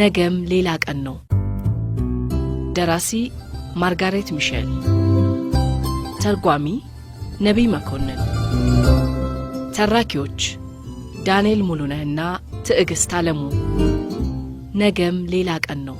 ነገም ሌላ ቀን ነው። ደራሲ ማርጋሬት ሚሼል፣ ተርጓሚ ነቢይ መኮንን፣ ተራኪዎች ዳንኤል ሙሉነህና ትዕግሥት አለሙ። ነገም ሌላ ቀን ነው።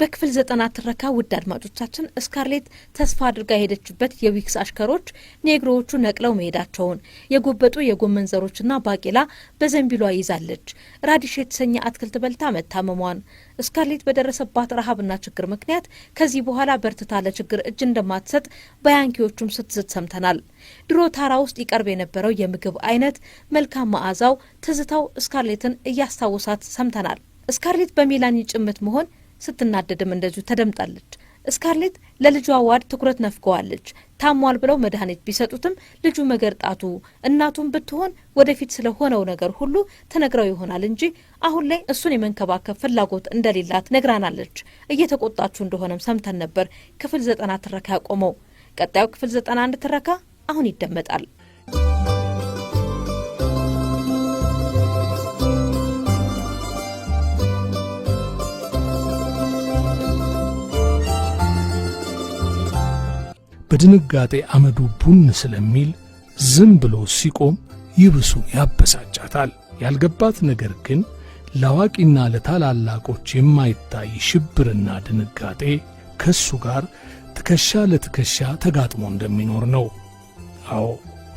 በክፍል ዘጠና ትረካ ውድ አድማጮቻችን እስካርሌት ተስፋ አድርጋ የሄደችበት የዊክስ አሽከሮች ኔግሮዎቹ ነቅለው መሄዳቸውን የጎበጡ የጎመን ዘሮችና ባቄላ በዘንቢሏ ይዛለች። ራዲሽ የተሰኘ አትክልት በልታ መታመሟን እስካርሌት በደረሰባት ረሃብና ችግር ምክንያት ከዚህ በኋላ በርትታ ለችግር እጅ እንደማትሰጥ በያንኪዎቹም ስትዝት ሰምተናል። ድሮ ታራ ውስጥ ይቀርብ የነበረው የምግብ አይነት መልካም መዓዛው ትዝታው እስካርሌትን እያስታወሳት ሰምተናል። እስካርሌት በሜላኒ ጭምት መሆን ስትናደድም እንደዚሁ ተደምጣለች። እስካርሌት ለልጇ ዋድ ትኩረት ነፍገዋለች። ታሟል ብለው መድኃኒት ቢሰጡትም ልጁ መገርጣቱ እናቱም ብትሆን ወደፊት ስለሆነው ነገር ሁሉ ትነግረው ይሆናል እንጂ አሁን ላይ እሱን የመንከባከብ ፍላጎት እንደሌላት ነግራናለች። እየተቆጣችሁ እንደሆነም ሰምተን ነበር። ክፍል ዘጠና ትረካ ያቆመው። ቀጣዩ ክፍል ዘጠና አንድ ትረካ አሁን ይደመጣል። በድንጋጤ አመዱ ቡን ስለሚል ዝም ብሎ ሲቆም ይብሱ ያበሳጫታል። ያልገባት ነገር ግን ለአዋቂና ለታላላቆች የማይታይ ሽብርና ድንጋጤ ከሱ ጋር ትከሻ ለትከሻ ተጋጥሞ እንደሚኖር ነው። አዎ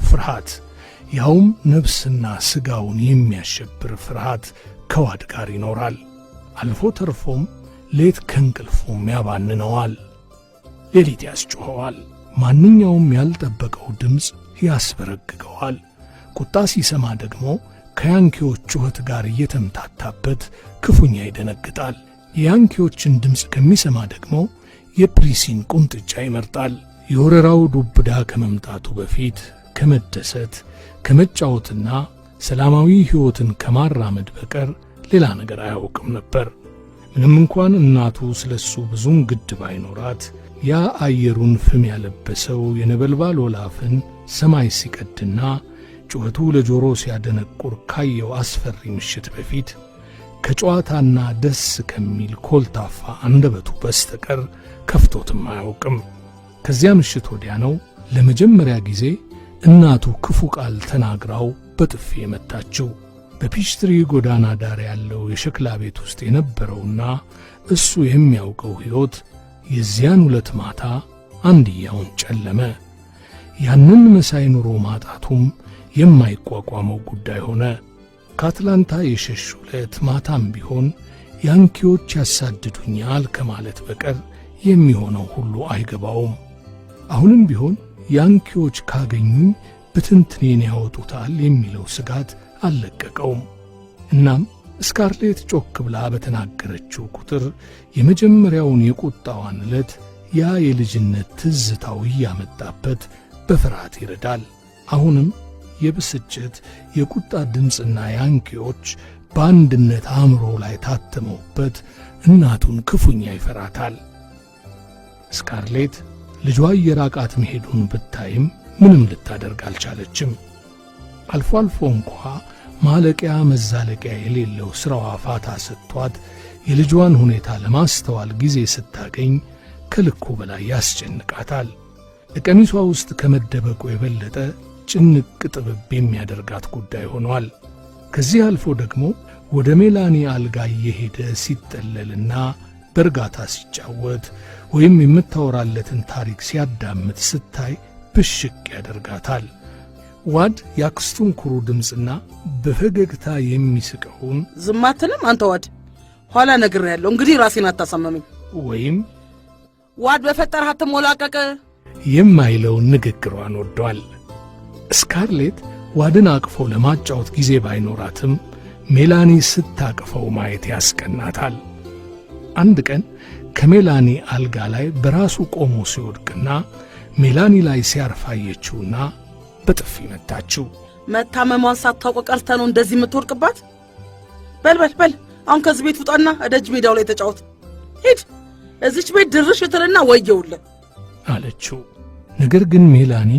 ፍርሃት፣ ያውም ነፍስና ሥጋውን የሚያሸብር ፍርሃት ከዋድ ጋር ይኖራል። አልፎ ተርፎም ሌት ከእንቅልፉም ያባንነዋል፣ ሌሊት ያስጮኸዋል። ማንኛውም ያልጠበቀው ድምፅ ያስበረግገዋል። ቁጣ ሲሰማ ደግሞ ከያንኪዎች ጩኸት ጋር እየተምታታበት ክፉኛ ይደነግጣል። የያንኪዎችን ድምፅ ከሚሰማ ደግሞ የፕሪሲን ቁንጥጫ ይመርጣል። የወረራው ዱብዳ ከመምጣቱ በፊት ከመደሰት ከመጫወትና ሰላማዊ ሕይወትን ከማራመድ በቀር ሌላ ነገር አያውቅም ነበር። ምንም እንኳን እናቱ ስለ እሱ ብዙም ግድ ባይኖራት ያ አየሩን ፍም ያለበሰው የነበልባል ወላፍን ሰማይ ሲቀድና ጩኸቱ ለጆሮ ሲያደነቁር ካየው አስፈሪ ምሽት በፊት ከጨዋታና ደስ ከሚል ኮልታፋ አንደበቱ በስተቀር ከፍቶትም አያውቅም። ከዚያ ምሽት ወዲያ ነው ለመጀመሪያ ጊዜ እናቱ ክፉ ቃል ተናግራው በጥፊ የመታችው። በፒችትሪ ጎዳና ዳር ያለው የሸክላ ቤት ውስጥ የነበረውና እሱ የሚያውቀው ሕይወት የዚያን ሁለት ማታ አንድያውን ጨለመ። ያንን መሳይ ኑሮ ማጣቱም የማይቋቋመው ጉዳይ ሆነ። ከአትላንታ የሸሽ ሁለት ማታም ቢሆን ያንኪዎች ያሳድዱኛል ከማለት በቀር የሚሆነው ሁሉ አይገባውም። አሁንም ቢሆን ያንኪዎች ካገኙኝ ብትንትኔን ያወጡታል የሚለው ስጋት አልለቀቀውም። እናም ስካርሌት ጮክ ብላ በተናገረችው ቁጥር የመጀመሪያውን የቁጣዋን ዕለት ያ የልጅነት ትዝታው እያመጣበት በፍርሃት ይረዳል። አሁንም የብስጭት የቁጣ ድምፅና ያንኪዎች በአንድነት አእምሮ ላይ ታተመውበት እናቱን ክፉኛ ይፈራታል። ስካርሌት ልጇ የራቃት መሄዱን ብታይም ምንም ልታደርግ አልቻለችም። አልፎ አልፎ እንኳ ማለቂያ መዛለቂያ የሌለው ሥራዋ ፋታ ሰጥቷት የልጇን ሁኔታ ለማስተዋል ጊዜ ስታገኝ ከልኩ በላይ ያስጨንቃታል። ለቀሚሷ ውስጥ ከመደበቁ የበለጠ ጭንቅ ጥብብ የሚያደርጋት ጉዳይ ሆኗል። ከዚህ አልፎ ደግሞ ወደ ሜላኒ አልጋ እየሄደ ሲጠለልና በእርጋታ ሲጫወት ወይም የምታወራለትን ታሪክ ሲያዳምጥ ስታይ ብሽቅ ያደርጋታል። ዋድ የአክስቱን ኩሩ ድምፅና በፈገግታ የሚስቀውን ዝም አትልም አንተ ዋድ፣ ኋላ ነግር ያለው እንግዲህ ራሴን አታሳመመኝ ወይም ዋድ በፈጠርህ አትሞላቀቅ የማይለውን ንግግሯን ወደዋል። ስካርሌት ዋድን አቅፎ ለማጫወት ጊዜ ባይኖራትም ሜላኒ ስታቅፈው ማየት ያስቀናታል። አንድ ቀን ከሜላኒ አልጋ ላይ በራሱ ቆሞ ሲወድቅና ሜላኒ ላይ ሲያርፋየችውና በጥፊ መታችው። መታመሟን ሳታውቀ ቀርተ ነው እንደዚህ የምትወርቅባት? በል በል በል አሁን ከዚህ ቤት ውጣና እደጅ ሜዳው ላይ ተጫወት። ሂድ እዚች ቤት ድርሽ እትልና ወየውለ አለችው። ነገር ግን ሜላኒ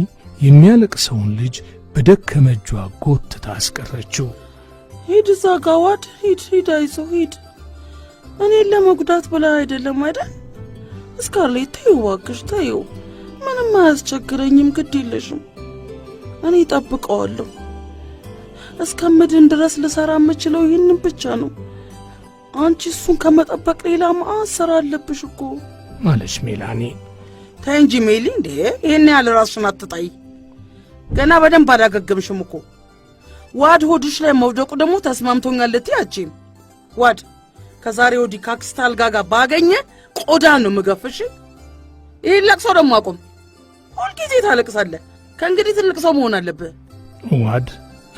የሚያለቅሰውን ልጅ በደከመ እጇ ጎትታ አስቀረችው። ሂድ እዛ ጋዋድ ሂድ ሂድ፣ አይዞ ሂድ። እኔን ለመጉዳት ብላ አይደለም አይደል? እስካርሌት ተይው እባክሽ ተይው፣ ምንም አያስቸግረኝም፣ ግድ የለሽም እኔ እጠብቀዋለሁ። እስከምድን ድረስ ልሰራ የምችለው ይህንን ብቻ ነው። አንቺ እሱን ከመጠበቅ ሌላ መዓት ስራ አለብሽ እኮ ማለች ሜላኒ። ተይ እንጂ ሜሊ፣ እንዴ ይህን ያህል ራሱን አትጣይ። ገና በደንብ አላገገምሽም እኮ። ዋድ ሆድሽ ላይ መውደቁ ደግሞ ተስማምቶኛል ልትይ አችም። ዋድ ከዛሬ ወዲህ ካክስታ አልጋ ጋር ባገኘ ቆዳ ነው ምገፍሽ። ይህን ለቅሶ ደግሞ አቁም። ሁልጊዜ ታለቅሳለህ። ከእንግዲህ ትልቅ ሰው መሆን አለብህ። ዋድ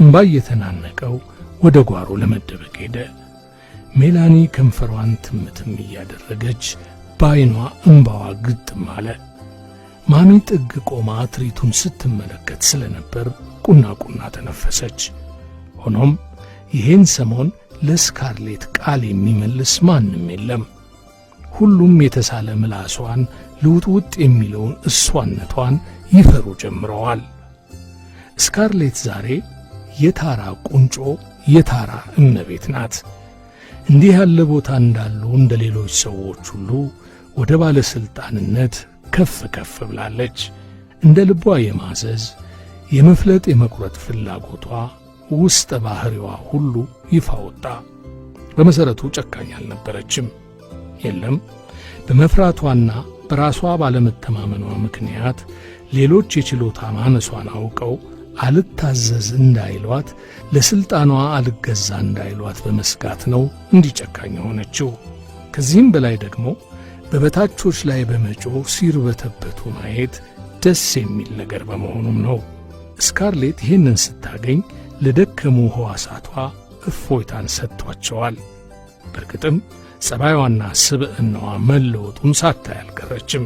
እምባ እየተናነቀው ወደ ጓሮ ለመደበቅ ሄደ። ሜላኒ ከንፈሯን ትምትም እያደረገች በአይኗ እምባዋ ግጥም አለ። ማሚ ጥግ ቆማ አትሪቱን ስትመለከት ስለነበር ቁና ቁና ተነፈሰች። ሆኖም ይሄን ሰሞን ለስካርሌት ቃል የሚመልስ ማንም የለም። ሁሉም የተሳለ ምላሷን ልውጥውጥ የሚለውን እሷነቷን ይፈሩ ጀምረዋል። ስካርሌት ዛሬ የታራ ቁንጮ የታራ እመቤት ናት። እንዲህ ያለ ቦታ እንዳሉ እንደ ሌሎች ሰዎች ሁሉ ወደ ባለሥልጣንነት ከፍ ከፍ ብላለች። እንደ ልቧ የማዘዝ የመፍለጥ የመቁረጥ ፍላጎቷ ውስጠ ባሕሪዋ ሁሉ ይፋ ወጣ። በመሠረቱ ጨካኝ አልነበረችም። የለም በመፍራቷና በራሷ ባለመተማመኗ ምክንያት ሌሎች የችሎታ ማነሷን አውቀው አልታዘዝ እንዳይሏት ለሥልጣኗ አልገዛ እንዳይሏት በመስጋት ነው እንዲጨካኝ የሆነችው። ከዚህም በላይ ደግሞ በበታቾች ላይ በመጮ ሲርበተበቱ ማየት ደስ የሚል ነገር በመሆኑም ነው። ስካርሌት ይህንን ስታገኝ ለደከሙ ሕዋሳቷ እፎይታን ሰጥቷቸዋል። በርግጥም ጸባይዋና ስብዕናዋ መለወጡን ሳታይ አልቀረችም።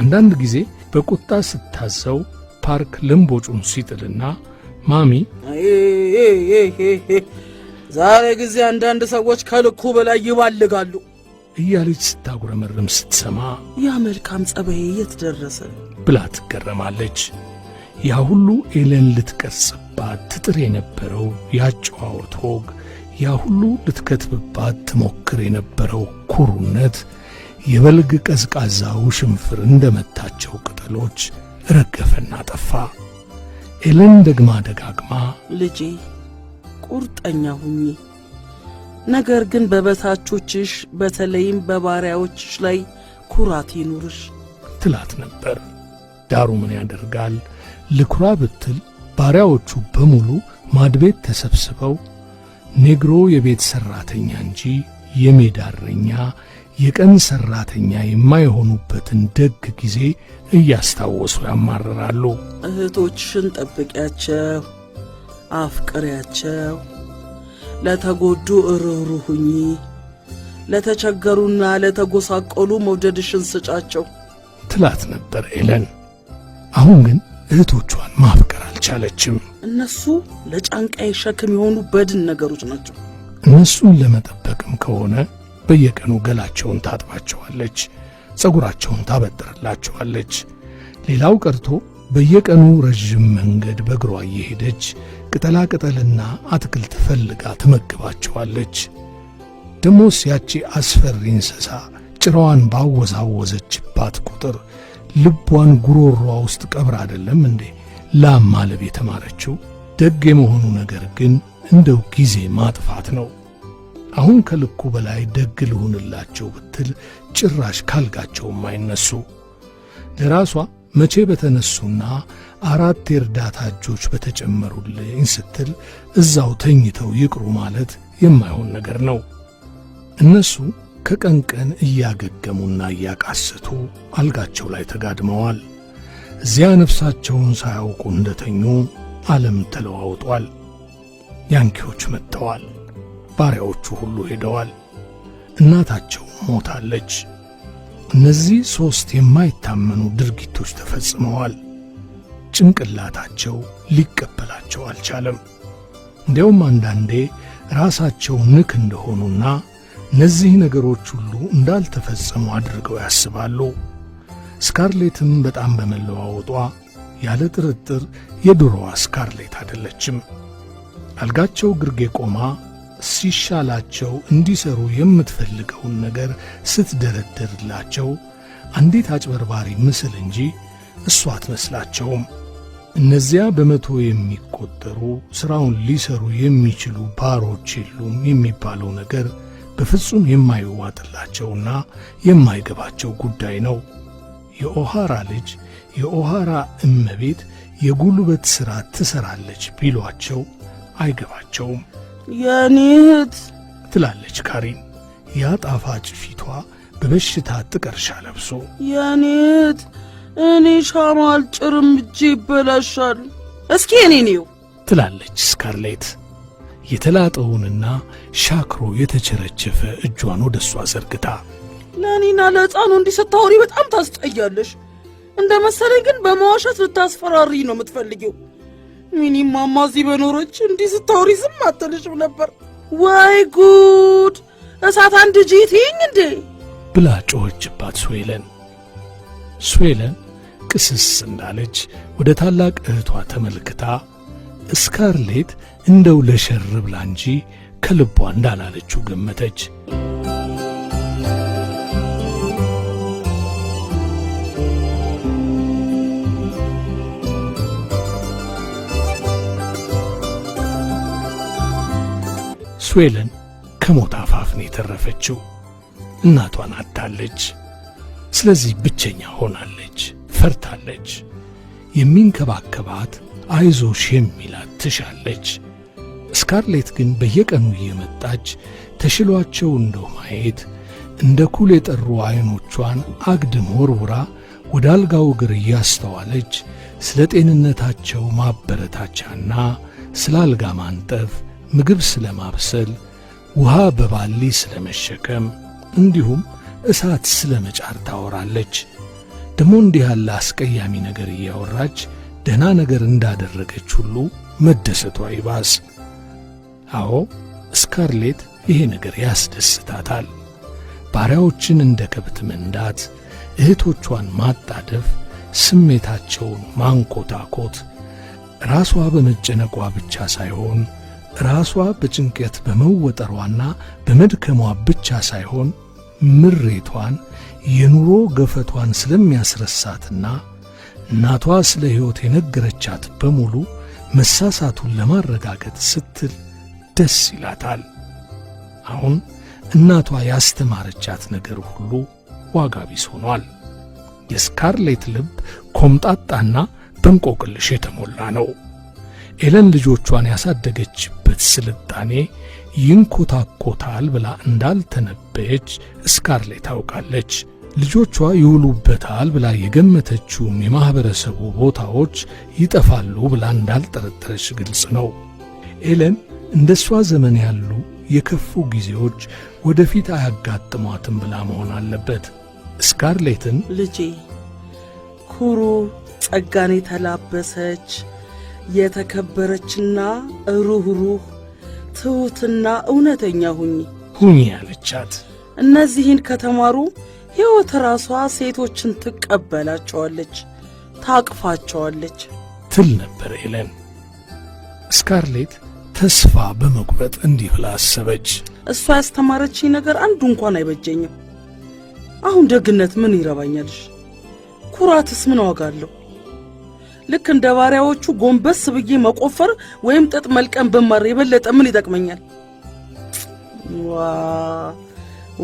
አንዳንድ ጊዜ በቁጣ ስታዘው ፓርክ ልምቦጩን ሲጥልና ማሚ ዛሬ ጊዜ አንዳንድ ሰዎች ከልኩ በላይ ይባልጋሉ እያለች ስታጉረመርም ስትሰማ ያ መልካም ጸባዬ የት ደረሰ ብላ ትገረማለች። ያ ሁሉ ኤለን ልትቀርጽባት ትጥር የነበረው ያጨዋወት ወግ ያ ሁሉ ልትከትብባት ትሞክር የነበረው ኩሩነት የበልግ ቀዝቃዛው ሽንፍር እንደመታቸው ቅጠሎች ረገፈና ጠፋ። ኤለን ደግማ ደጋግማ ልጄ ቁርጠኛ ሁኚ፣ ነገር ግን በበታቾችሽ በተለይም በባሪያዎችሽ ላይ ኩራት ይኑርሽ ትላት ነበር። ዳሩ ምን ያደርጋል ልኩራ ብትል ባሪያዎቹ በሙሉ ማድቤት ተሰብስበው ኔግሮ የቤት ሠራተኛ እንጂ የሜዳ እረኛ፣ የቀን ሠራተኛ የማይሆኑበትን ደግ ጊዜ እያስታወሱ ያማርራሉ። እህቶችሽን ጠብቂያቸው፣ አፍቅሪያቸው፣ ለተጎዱ እርኅሩ ሁኚ፣ ለተቸገሩና ለተጎሳቆሉ መውደድሽን ስጫቸው ትላት ነበር ኤለን። አሁን ግን እህቶቿን ማፍቀር አልቻለችም። እነሱ ለጫንቃዬ ሸክም የሆኑ በድን ነገሮች ናቸው። እነሱን ለመጠበቅም ከሆነ በየቀኑ ገላቸውን ታጥባቸዋለች፣ ፀጉራቸውን ታበጥርላቸዋለች። ሌላው ቀርቶ በየቀኑ ረዥም መንገድ በእግሯ እየሄደች ቅጠላ ቅጠልና አትክልት ፈልጋ ትመግባቸዋለች። ደሞስ ያቺ አስፈሪ እንስሳ ጭራዋን ባወዛወዘችባት ቁጥር ልቧን ጉሮሯ ውስጥ ቀብር አይደለም እንዴ ላም ማለብ የተማረችው? ደግ የመሆኑ ነገር ግን እንደው ጊዜ ማጥፋት ነው። አሁን ከልኩ በላይ ደግ ልሁንላቸው ብትል ጭራሽ ካልጋቸውም አይነሱ። ለራሷ መቼ በተነሱና አራት የእርዳታ እጆች በተጨመሩልኝ ስትል እዛው ተኝተው ይቅሩ ማለት የማይሆን ነገር ነው። እነሱ ከቀን ቀን እያገገሙና እያቃሰቱ አልጋቸው ላይ ተጋድመዋል። እዚያ ነፍሳቸውን ሳያውቁ እንደተኙ ዓለም ተለዋውጧል። ያንኪዎች መጥተዋል። ባሪያዎቹ ሁሉ ሄደዋል። እናታቸው ሞታለች። እነዚህ ሦስት የማይታመኑ ድርጊቶች ተፈጽመዋል። ጭንቅላታቸው ሊቀበላቸው አልቻለም። እንዲያውም አንዳንዴ ራሳቸው ንክ እንደሆኑና እነዚህ ነገሮች ሁሉ እንዳልተፈጸሙ አድርገው ያስባሉ። ስካርሌትም በጣም በመለዋወጧ ያለ ጥርጥር የድሮዋ ስካርሌት አይደለችም። አልጋቸው ግርጌ ቆማ ሲሻላቸው እንዲሰሩ የምትፈልገውን ነገር ስትደረደርላቸው አንዲት አጭበርባሪ ምስል እንጂ እሷ አትመስላቸውም። እነዚያ በመቶ የሚቆጠሩ ሥራውን ሊሰሩ የሚችሉ ባሮች የሉም የሚባለው ነገር በፍጹም የማይዋጥላቸውና የማይገባቸው ጉዳይ ነው። የኦሃራ ልጅ የኦሃራ እመቤት የጉልበት ሥራ ትሠራለች ቢሏቸው አይገባቸውም። የኔ እህት ትላለች ካሪን ያ ጣፋጭ ፊቷ በበሽታ ጥቀርሻ ለብሶ የኔ እህት እኔ ሻማ አልጭርም፣ እጄ ይበላሻል። እስኪ እኔ ነው ትላለች ስካርሌት የተላጠውንና ሻክሮ የተቸረቸፈ እጇን ወደ እሷ ዘርግታ ለእኔና ለሕፃኑ እንዲህ ስታወሪ በጣም ታስጠያለሽ። እንደ መሰለኝ ግን በመዋሸት ልታስፈራሪ ነው የምትፈልጊው። ሚኒማማ እዚህ በኖረች እንዲህ ስታወሪ ዝም አትልሽም ነበር። ወይ ጉድ! እሳት አንድ ጂ ትይኝ እንዴ ብላ ጮኸችባት። ስዌለን ስዌለን ቅስስ እንዳለች ወደ ታላቅ እህቷ ተመልክታ ስካርሌት እንደው ለሸር ብላ እንጂ ከልቧ እንዳላለችው ገመተች። ስዌለን ከሞት አፋፍ ነው የተረፈችው። እናቷን አታለች። ስለዚህ ብቸኛ ሆናለች፣ ፈርታለች። የሚንከባከባት አይዞሽ የሚላት ትሻለች። ስካርሌት ግን በየቀኑ እየመጣች ተሽሏቸው እንደው ማየት እንደ ኩል የጠሩ ዐይኖቿን አግድም ወርውራ ወደ አልጋው እግር እያስተዋለች ስለ ጤንነታቸው ማበረታቻና ስለ አልጋ ማንጠፍ፣ ምግብ ስለ ማብሰል፣ ውሃ በባሊ ስለ መሸከም እንዲሁም እሳት ስለ መጫር ታወራለች። ደሞ እንዲህ ያለ አስቀያሚ ነገር እያወራች ደህና ነገር እንዳደረገች ሁሉ መደሰቷ ይባስ። አዎ ስካርሌት ይሄ ነገር ያስደስታታል። ባሪያዎችን እንደ ከብት መንዳት፣ እህቶቿን ማጣደፍ፣ ስሜታቸውን ማንኮታኮት ራሷ በመጨነቋ ብቻ ሳይሆን ራሷ በጭንቀት በመወጠሯና በመድከሟ ብቻ ሳይሆን ምሬቷን የኑሮ ገፈቷን ስለሚያስረሳትና እናቷ ስለ ሕይወት የነገረቻት በሙሉ መሳሳቱን ለማረጋገጥ ስትል ደስ ይላታል። አሁን እናቷ ያስተማረቻት ነገር ሁሉ ዋጋ ቢስ ሆኗል። የስካርሌት ልብ ኮምጣጣና በእንቆቅልሽ የተሞላ ነው። ኤለን ልጆቿን ያሳደገችበት ስልጣኔ ይንኮታኮታል ብላ እንዳልተነበየች ስካርሌት ታውቃለች። ልጆቿ ይውሉበታል ብላ የገመተችውም የማኅበረሰቡ ቦታዎች ይጠፋሉ ብላ እንዳልጠረጠረች ግልጽ ነው። ኤለን እንደ እሷ ዘመን ያሉ የከፉ ጊዜዎች ወደፊት አያጋጥሟትም ብላ መሆን አለበት። ስካርሌትን ልጄ ኩሩ ጸጋን የተላበሰች የተከበረችና ሩኅሩኅ ትሑትና እውነተኛ ሁኚ ሁኚ ያለቻት እነዚህን ከተማሩ ሕይወት ራሷ ሴቶችን ትቀበላቸዋለች፣ ታቅፋቸዋለች ትል ነበር ኤለን። ስካርሌት ተስፋ በመቁረጥ እንዲህ ብላ አሰበች። እሷ ያስተማረችኝ ነገር አንዱ እንኳን አይበጀኝም። አሁን ደግነት ምን ይረባኛልሽ? ኩራትስ ምን ዋጋ አለው? ልክ እንደ ባሪያዎቹ ጎንበስ ብዬ መቆፈር ወይም ጥጥ መልቀም ብማር የበለጠ ምን ይጠቅመኛል?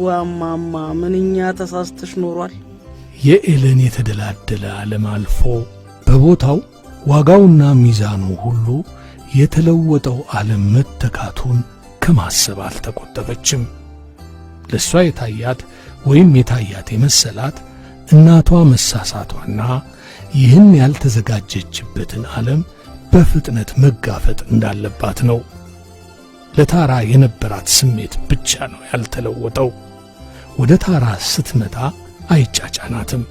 ዋማማ ምንኛ ተሳስተሽ ኖሯል። የኤለን የተደላደለ ዓለም አልፎ በቦታው ዋጋውና ሚዛኑ ሁሉ የተለወጠው ዓለም መተካቱን ከማሰብ አልተቆጠበችም። ለእሷ የታያት ወይም የታያት የመሰላት እናቷ መሳሳቷና ይህን ያልተዘጋጀችበትን ዓለም በፍጥነት መጋፈጥ እንዳለባት ነው። ለታራ የነበራት ስሜት ብቻ ነው ያልተለወጠው። ወደ ታራ ስትመጣ አይጫጫናትም።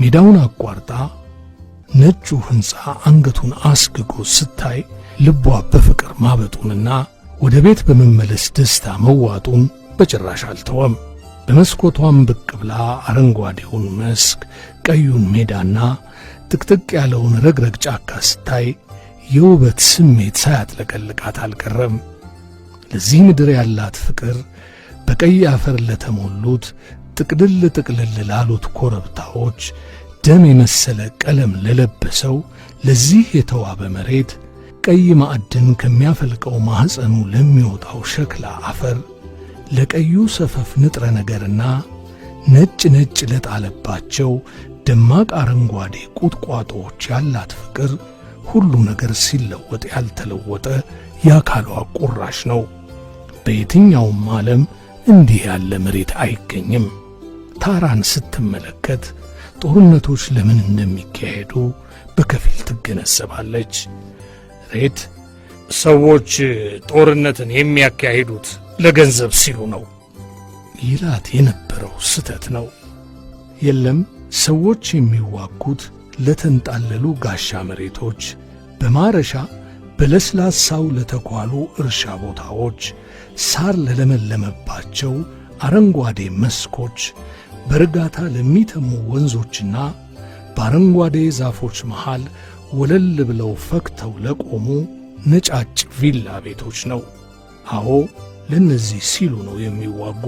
ሜዳውን አቋርጣ ነጩ ሕንፃ አንገቱን አስግጎ ስታይ ልቧ በፍቅር ማበጡንና ወደ ቤት በመመለስ ደስታ መዋጡን በጭራሽ አልተወም። በመስኮቷም ብቅ ብላ አረንጓዴውን መስክ፣ ቀዩን ሜዳና ጥቅጥቅ ያለውን ረግረግ ጫካ ስታይ የውበት ስሜት ሳያጥለቀልቃት አልቀረም። ለዚህ ምድር ያላት ፍቅር በቀይ አፈር ለተሞሉት ጥቅልል ጥቅልል ላሉት ኮረብታዎች ደም የመሰለ ቀለም ለለበሰው ለዚህ የተዋበ መሬት ቀይ ማዕድን ከሚያፈልቀው ማኅፀኑ ለሚወጣው ሸክላ አፈር ለቀዩ ሰፈፍ ንጥረ ነገርና ነጭ ነጭ ለጣለባቸው ደማቅ አረንጓዴ ቁጥቋጦዎች ያላት ፍቅር ሁሉ ነገር ሲለወጥ ያልተለወጠ የአካሏ ቁራሽ ነው። በየትኛውም ዓለም እንዲህ ያለ መሬት አይገኝም። ታራን ስትመለከት ጦርነቶች ለምን እንደሚካሄዱ በከፊል ትገነዘባለች። ሬት ሰዎች ጦርነትን የሚያካሂዱት ለገንዘብ ሲሉ ነው ይላት የነበረው ስተት ነው። የለም ሰዎች የሚዋጉት ለተንጣለሉ ጋሻ መሬቶች፣ በማረሻ በለስላሳው ለተኳሉ እርሻ ቦታዎች፣ ሳር ለለመለመባቸው አረንጓዴ መስኮች፣ በእርጋታ ለሚተሙ ወንዞችና በአረንጓዴ ዛፎች መሃል ወለል ብለው ፈክተው ለቆሙ ነጫጭ ቪላ ቤቶች ነው። አዎ ለእነዚህ ሲሉ ነው የሚዋጉ።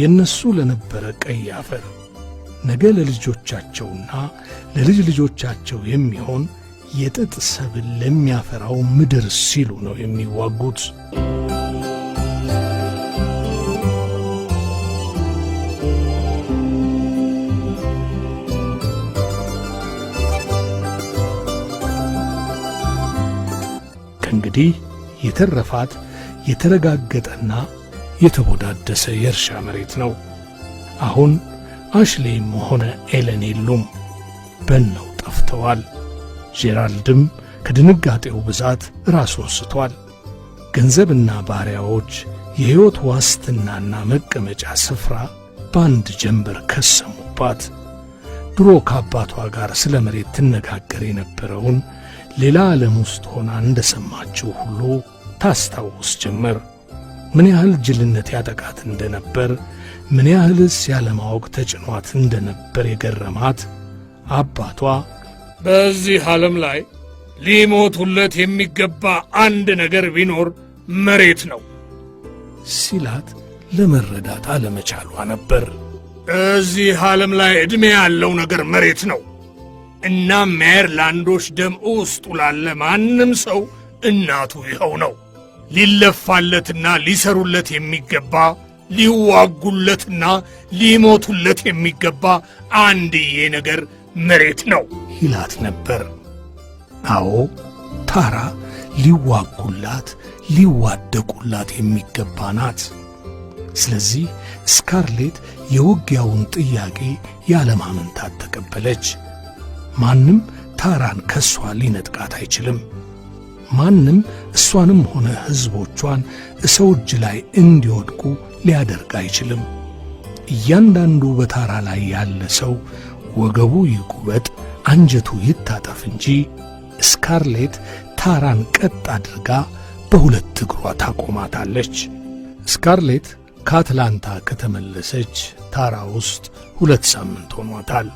የእነሱ ለነበረ ቀይ አፈር ነገ ለልጆቻቸውና ለልጅ ልጆቻቸው የሚሆን የጥጥ ሰብል ለሚያፈራው ምድር ሲሉ ነው የሚዋጉት። ከእንግዲህ የተረፋት የተረጋገጠና የተቦዳደሰ የእርሻ መሬት ነው። አሁን አሽሌም ሆነ ኤለን የሉም፣ በነው ጠፍተዋል። ጄራልድም ከድንጋጤው ብዛት ራስ ወስቷል። ገንዘብና ባሪያዎች፣ የሕይወት ዋስትናና መቀመጫ ስፍራ በአንድ ጀንበር ከሰሙባት። ድሮ ከአባቷ ጋር ስለ መሬት ትነጋገር የነበረውን ሌላ ዓለም ውስጥ ሆና እንደ ሰማችው ሁሉ ታስታውስ ጀመር። ምን ያህል ጅልነት ያጠቃት እንደነበር፣ ምን ያህልስ ያለማወቅ ተጭኗት እንደነበር የገረማት አባቷ በዚህ ዓለም ላይ ሊሞቱለት የሚገባ አንድ ነገር ቢኖር መሬት ነው ሲላት ለመረዳት አለመቻሏ ነበር። እዚህ ዓለም ላይ ዕድሜ ያለው ነገር መሬት ነው። እናም ላንዶች ደም ውስጡ ላለ ማንም ሰው እናቱ ይኸው ነው። ሊለፋለትና ሊሰሩለት የሚገባ ሊዋጉለትና ሊሞቱለት የሚገባ አንድዬ ነገር መሬት ነው ይላት ነበር። አዎ ታራ ሊዋጉላት ሊዋደቁላት የሚገባ ናት። ስለዚህ ስካርሌት የውጊያውን ጥያቄ ያለማመንታት ተቀበለች። ማንም ታራን ከሷ ሊነጥቃት አይችልም። ማንም እሷንም ሆነ ሕዝቦቿን እሰው እጅ ላይ እንዲወድቁ ሊያደርግ አይችልም። እያንዳንዱ በታራ ላይ ያለ ሰው ወገቡ ይጉበጥ፣ አንጀቱ ይታጠፍ እንጂ ስካርሌት ታራን ቀጥ አድርጋ በሁለት እግሯ ታቆማታለች። ስካርሌት ከአትላንታ ከተመለሰች ታራ ውስጥ ሁለት ሳምንት ሆኗታል።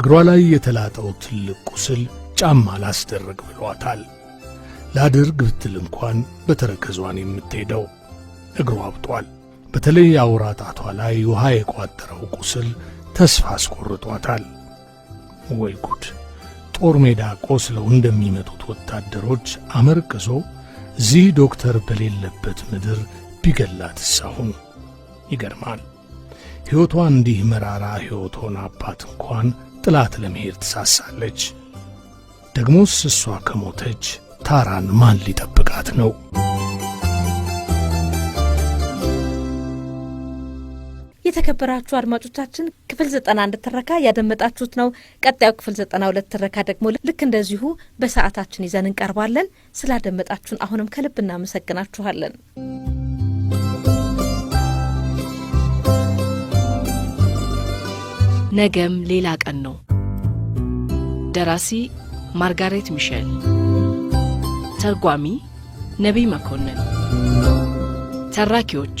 እግሯ ላይ የተላጠው ትልቅ ቁስል ጫማ ላስደረግ ብሏታል። ላድርግ ብትል እንኳን በተረከዟን የምትሄደው እግሯ አብጧል። በተለይ አውራ ጣቷ ላይ ውሃ የቋጠረው ቁስል ተስፋ አስቆርጧታል። ወይ ጉድ! ጦር ሜዳ ቆስለው እንደሚመጡት ወታደሮች አመርቅዞ እዚህ ዶክተር በሌለበት ምድር ቢገላት ሳሁን ይገርማል። ሕይወቷ እንዲህ መራራ ሕይወት ሆና አባት እንኳን ጥላት ለመሄድ ትሳሳለች። ደግሞስ እሷ ከሞተች ታራን ማን ሊጠብቃት ነው? የተከበራችሁ አድማጮቻችን ክፍል ዘጠና አንድ ትረካ ያደመጣችሁት ነው። ቀጣዩ ክፍል ዘጠና ሁለት ትረካ ደግሞ ልክ እንደዚሁ በሰዓታችን ይዘን እንቀርባለን። ስላደመጣችሁን አሁንም ከልብ እናመሰግናችኋለን። ነገም ሌላ ቀን ነው። ደራሲ ማርጋሬት ሚሼል፣ ተርጓሚ ነቢይ መኮንን፣ ተራኪዎች